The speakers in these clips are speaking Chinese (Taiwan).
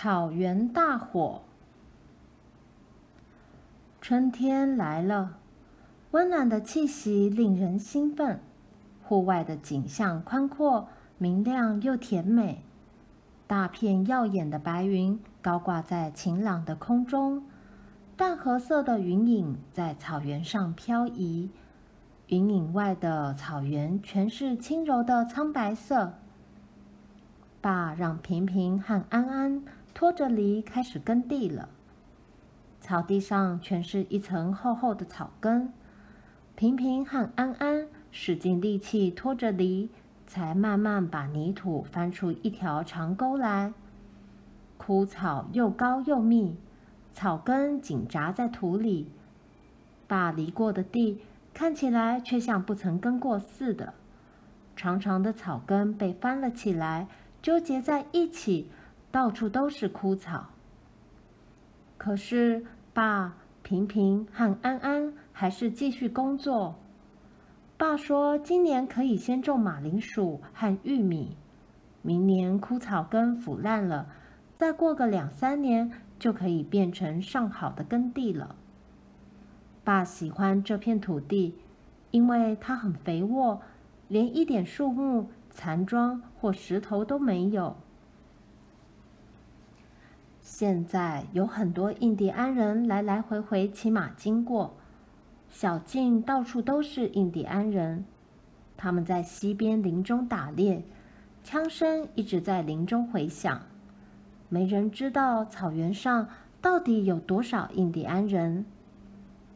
草原大火。春天來了，溫暖的氣息令人興奮。戶外的景象寬闊、明亮又甜美。大片耀眼的白雲高掛在晴朗的空中，淡褐色的雲影在草原上飄移。雲影外的草原全是輕柔的蒼白色。爸讓平平和安安拖着犁開始耕地了，草地上全是一層厚厚的草根。平平和安安使盡力氣拖着犁，才慢慢把泥土翻出一條長溝來。枯草又高又密，草根緊扎在土裡。把犁過的地看起來卻像不曾耕過似的。長長的草根被翻了起來，糾結在一起。到處都是枯草。可是，爸平平和安安還是繼續工作。爸說，今年可以先種馬鈴薯和玉米。明年枯草根腐爛了，再過個兩三年，就可以變成上好的耕地了。爸喜歡這片土地，因為它很肥沃，連一點樹木、殘樁或石頭都沒有。現在有很多印第安人來來回回騎馬經過，小徑到處都是印第安人，他們在溪邊林中打獵，槍聲一直在林中回響。沒人知道草原上到底有多少印第安人。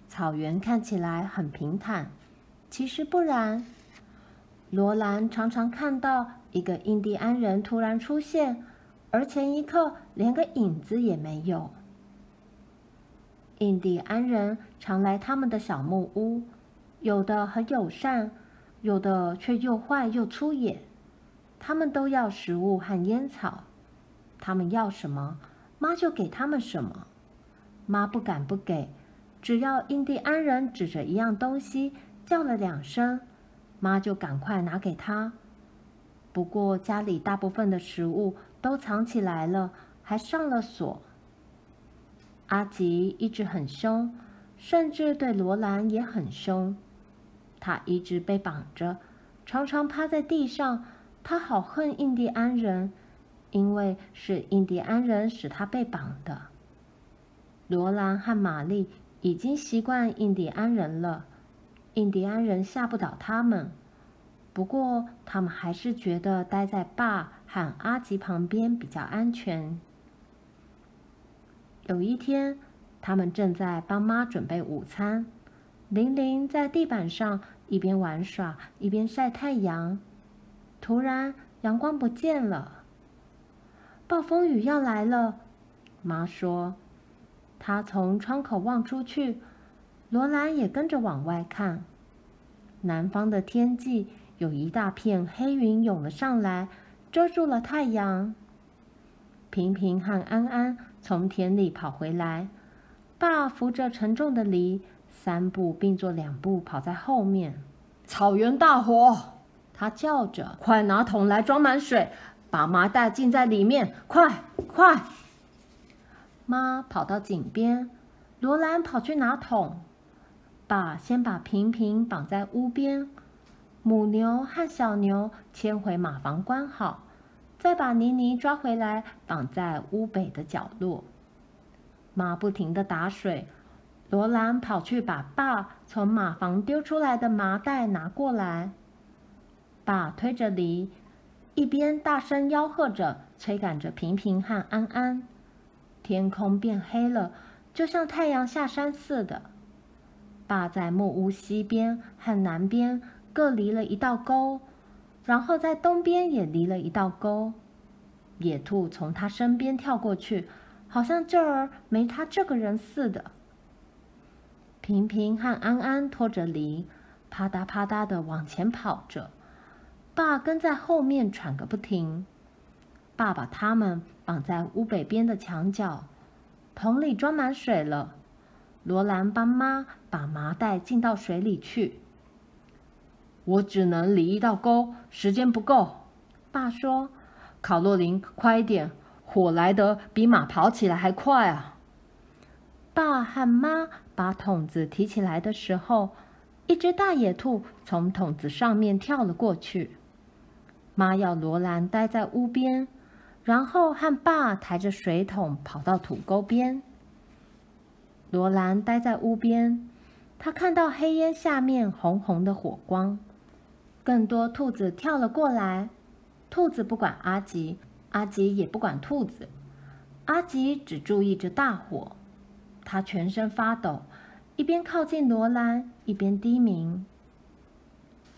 草原看起來很平坦，其實不然。羅蘭常常看到一個印第安人突然出現。而前一刻連個影子也沒有。印第安人常來他們的小木屋，有的很友善，有的卻又壞又粗野。他們都要食物和煙草，他們要什麼，媽就給他們什麼。媽不敢不給，只要印第安人指着一樣東西叫了兩聲，媽就趕快拿給他。不過家裡大部分的食物都藏起來了，還上了鎖。阿吉一直很兇，甚至對羅蘭也很兇。他一直被綁着，常常趴在地上。他好恨印第安人，因為是印第安人使他被綁的。羅蘭和瑪麗已經習慣印第安人了，印第安人嚇不倒他們。不過，他們還是覺得待在爸和阿吉旁邊比較安全。有一天，他們正在幫媽準備午餐，玲玲在地板上一邊玩耍一邊曬太陽。突然，陽光不見了，暴風雨要來了。媽說，她從窗口望出去，羅蘭也跟着往外看，南方的天氣。有一大片黑雲湧了上來，遮住了太陽。平平和安安從田裡跑回來，爸扶着沉重的犁，三步並作兩步跑在後面。草原大火，他叫着：“快拿桶來裝滿水，把麻袋浸在裡面，快快！”媽跑到井邊，羅蘭跑去拿桶，爸先把平平綁在屋邊。母牛和小牛牽回馬房關好，再把妮妮抓回來綁在屋北的角落。媽不停地打水，羅蘭跑去把爸從馬房丟出來的麻袋拿過來。爸推着犁，一邊大聲吆喝着，催趕着平平和安安。天空變黑了，就像太陽下山似的。爸在木屋西邊和南邊。各犁了一道溝，然後在東邊也犁了一道溝。野兔從他身邊跳過去，好像這兒沒他這個人似的。平平和安安拖着犁，啪嗒啪嗒的往前跑着。爸跟在後面喘個不停。爸把他們綁在屋北邊的牆角。桶裡裝滿水了。羅蘭幫媽把麻袋浸到水裡去。我只能犁一道溝，時間不夠。爸說：“卡洛琳，快一點！火來得比馬跑起來還快啊！”爸和媽把桶子提起來的時候，一只大野兔從桶子上面跳了過去。媽要羅蘭待在屋邊，然後和爸抬着水桶跑到土溝邊。羅蘭待在屋邊，他看到黑煙下面紅紅的火光。更多兔子跳了過來，兔子不管阿吉，阿吉也不管兔子，阿吉只注意着大火。他全身發抖，一邊靠近羅蘭，一邊低鳴。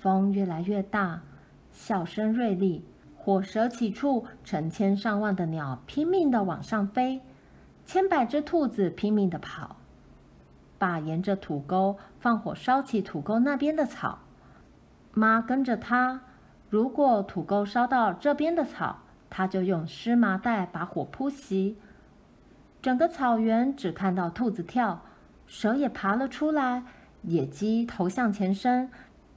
風越來越大，嘯聲銳利，火舌起處，成千上萬的鳥拼命地往上飛，千百隻兔子拼命地跑。爸沿着土溝放火燒起土溝那邊的草。媽跟着他，如果土溝燒到這邊的草，他就用濕麻袋把火撲熄。整個草原只看到兔子跳，蛇也爬了出來，野雞頭向前伸，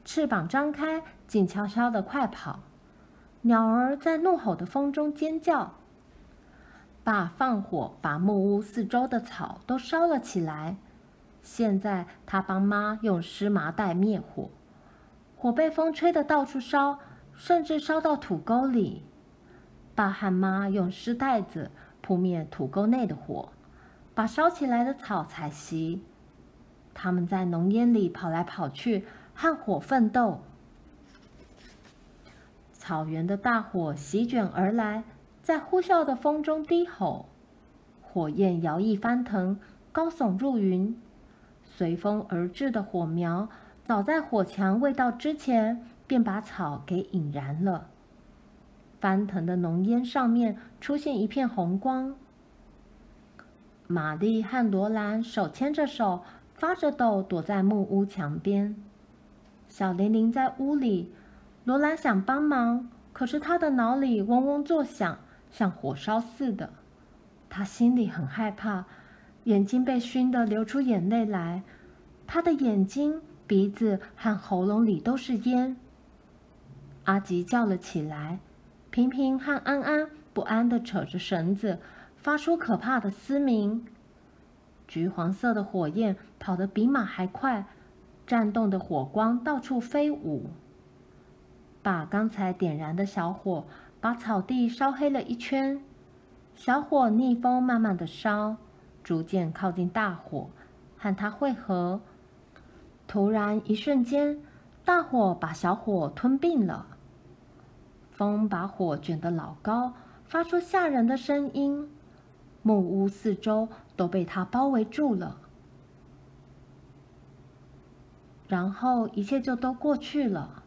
翅膀張開，靜悄悄地快跑。鳥兒在怒吼的風中尖叫。爸放火把木屋四周的草都燒了起來，現在他幫媽用濕麻袋滅火。火被風吹得到處燒，甚至燒到土溝裡。爸和媽用濕袋子撲滅土溝內的火，把燒起來的草踩熄。他們在濃煙裡跑來跑去，和火奮鬥。草原的大火席捲而來，在呼嘯的風中低吼，火焰搖曳翻騰，高聳入雲。隨風而至的火苗。早在火牆未到之前，便把草給引燃了。翻騰的濃煙上面出現一片紅光。瑪麗和羅蘭手牽着手，發着抖，躲在木屋牆邊。小玲玲在屋裡，羅蘭想幫忙，可是她的腦裡嗡嗡作響，像火燒似的。她心裡很害怕，眼睛被熏得流出眼淚來。她的眼睛、鼻子和喉嚨裡都是煙。阿吉叫了起來，平平和安安不安地扯着繩子，發出可怕的嘶鳴。橘黃色的火焰跑得比馬還快，顫動的火光到處飛舞，把剛才點燃的小火把草地燒黑了一圈。小火逆風慢慢的燒，逐漸靠近大火，和它匯合。突然，一瞬間，大火把小火吞併了。風把火捲得老高，發出嚇人的聲音。木屋四周都被它包圍住了。然後一切就都過去了。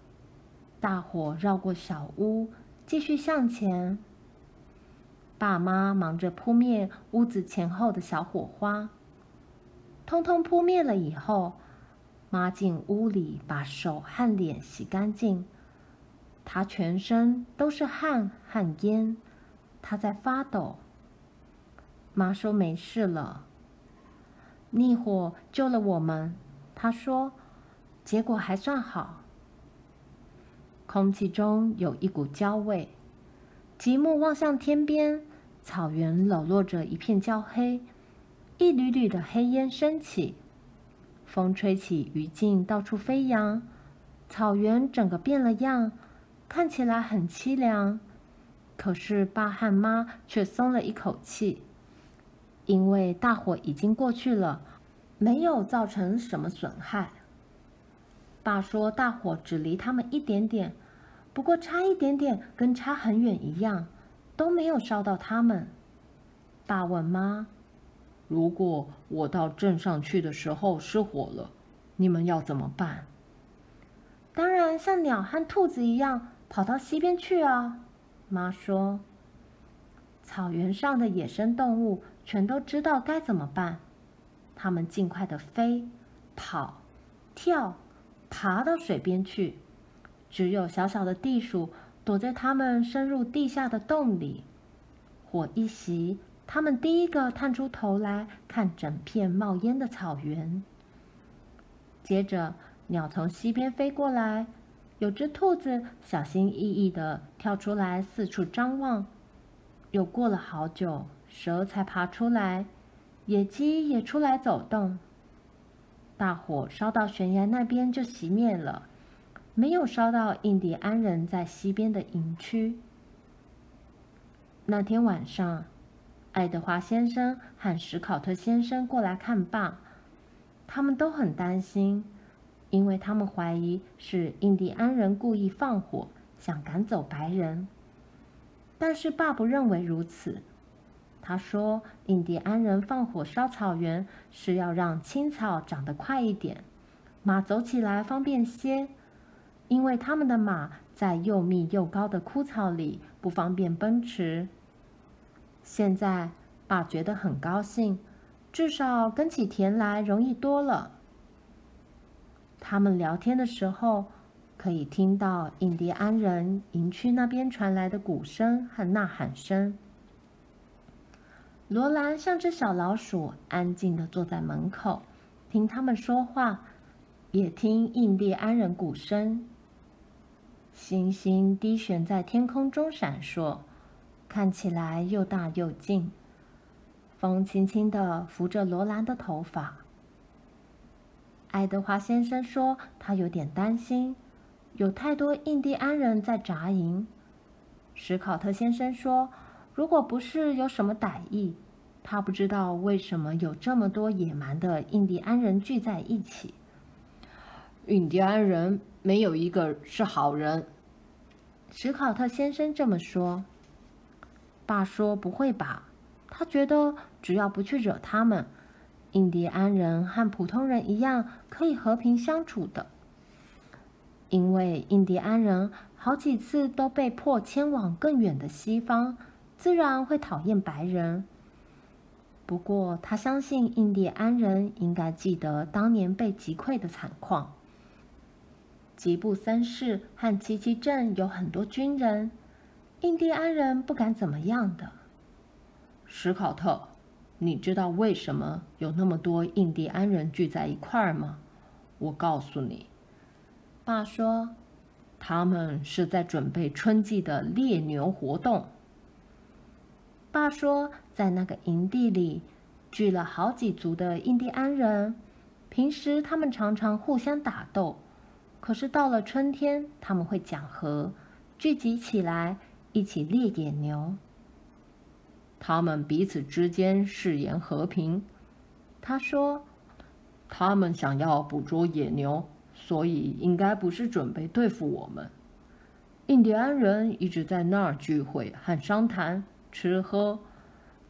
大火繞過小屋，繼續向前。爸媽忙着撲滅屋子前後的小火花，通通撲滅了以後。媽進屋裡，把手和臉洗乾淨。她全身都是汗和煙，她在發抖。媽說：“沒事了，逆火救了我們。”他說：“結果還算好。”空氣中有一股焦味。極目望向天邊，草原裸露着一片焦黑，一縷縷的黑煙升起。風吹起，餘燼到處飛揚，草原整個變了樣，看起來很淒涼。可是爸和媽卻鬆了一口氣，因為大火已經過去了，沒有造成什麼損害。爸說，大火只離他們一點點，不過差一點點，跟差很遠一樣，都沒有燒到他們。爸問媽。如果我到鎮上去的時候失火了，你們要怎麼辦？當然，像鳥和兔子一樣跑到溪邊去啊、哦！媽說，草原上的野生動物全都知道該怎麼辦，它們儘快地飛、跑、跳、爬到水邊去。只有小小的地鼠躲在它們深入地下的洞裡，火一熄。他們第一個探出頭來看整片冒煙的草原。接着，鳥從西邊飛過來，有只兔子小心翼翼地跳出來四處張望。又過了好久，蛇才爬出來，野雞也出來走動。大火燒到懸崖那邊就熄滅了，沒有燒到印第安人在西邊的營區。那天晚上，愛德華先生和史考特先生過來看爸，他們都很擔心，因為他們懷疑是印第安人故意放火，想趕走白人。但是爸不認為如此，他說印第安人放火燒草原是要讓青草長得快一點，馬走起來方便些，因為他們的馬在又密又高的枯草裡不方便奔馳。現在，爸覺得很高興，至少耕起田來容易多了。他們聊天的時候，可以聽到印第安人營區那邊傳來的鼓聲和吶喊聲。羅蘭像只小老鼠，安靜的坐在門口，聽他們說話，也聽印第安人鼓聲。星星低懸在天空中閃爍。看起來又大又近。風輕輕地拂着羅蘭的頭髮。愛德華先生說：“他有點擔心，有太多印第安人在扎營。”史考特先生說：“如果不是有什麼歹意，他不知道為什麼有這麼多野蠻的印第安人聚在一起。”印第安人沒有一個是好人。史考特先生這麼說。爸說：“不會吧，他覺得只要不去惹他們，印第安人和普通人一樣可以和平相處的。因為印第安人好幾次都被迫遷往更遠的西方，自然會討厭白人。不過他相信印第安人應該記得當年被擊潰的慘況。吉布森市和奇奇鎮有很多軍人。”印第安人不敢怎麼樣的，史考特，你知道為什麼有那麼多印第安人聚在一塊兒嗎？我告訴你，爸說，他們是在準備春季的獵牛活動。爸說，在那個營地裡聚了好幾族的印第安人，平時他們常常互相打鬥，可是到了春天，他們會講和，聚集起來。一起獵野牛。他們彼此之間誓言和平。他說：“他們想要捕捉野牛，所以應該不是準備對付我們。印第安人一直在那兒聚會和商談、吃喝。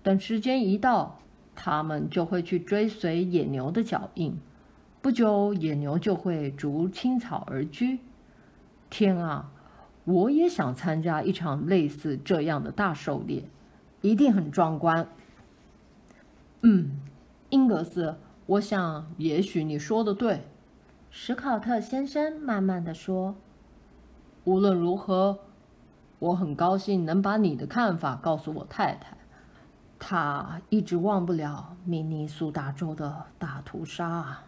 等時間一到，他們就會去追隨野牛的腳印。不久，野牛就會逐青草而居。天啊！”我也想參加一場類似這樣的大狩獵，一定很壯觀。嗯，英格斯，我想也許你說的對。史考特先生慢慢的說：“無論如何，我很高興能把你的看法告訴我太太。她一直忘不了明尼蘇達州的大屠殺。”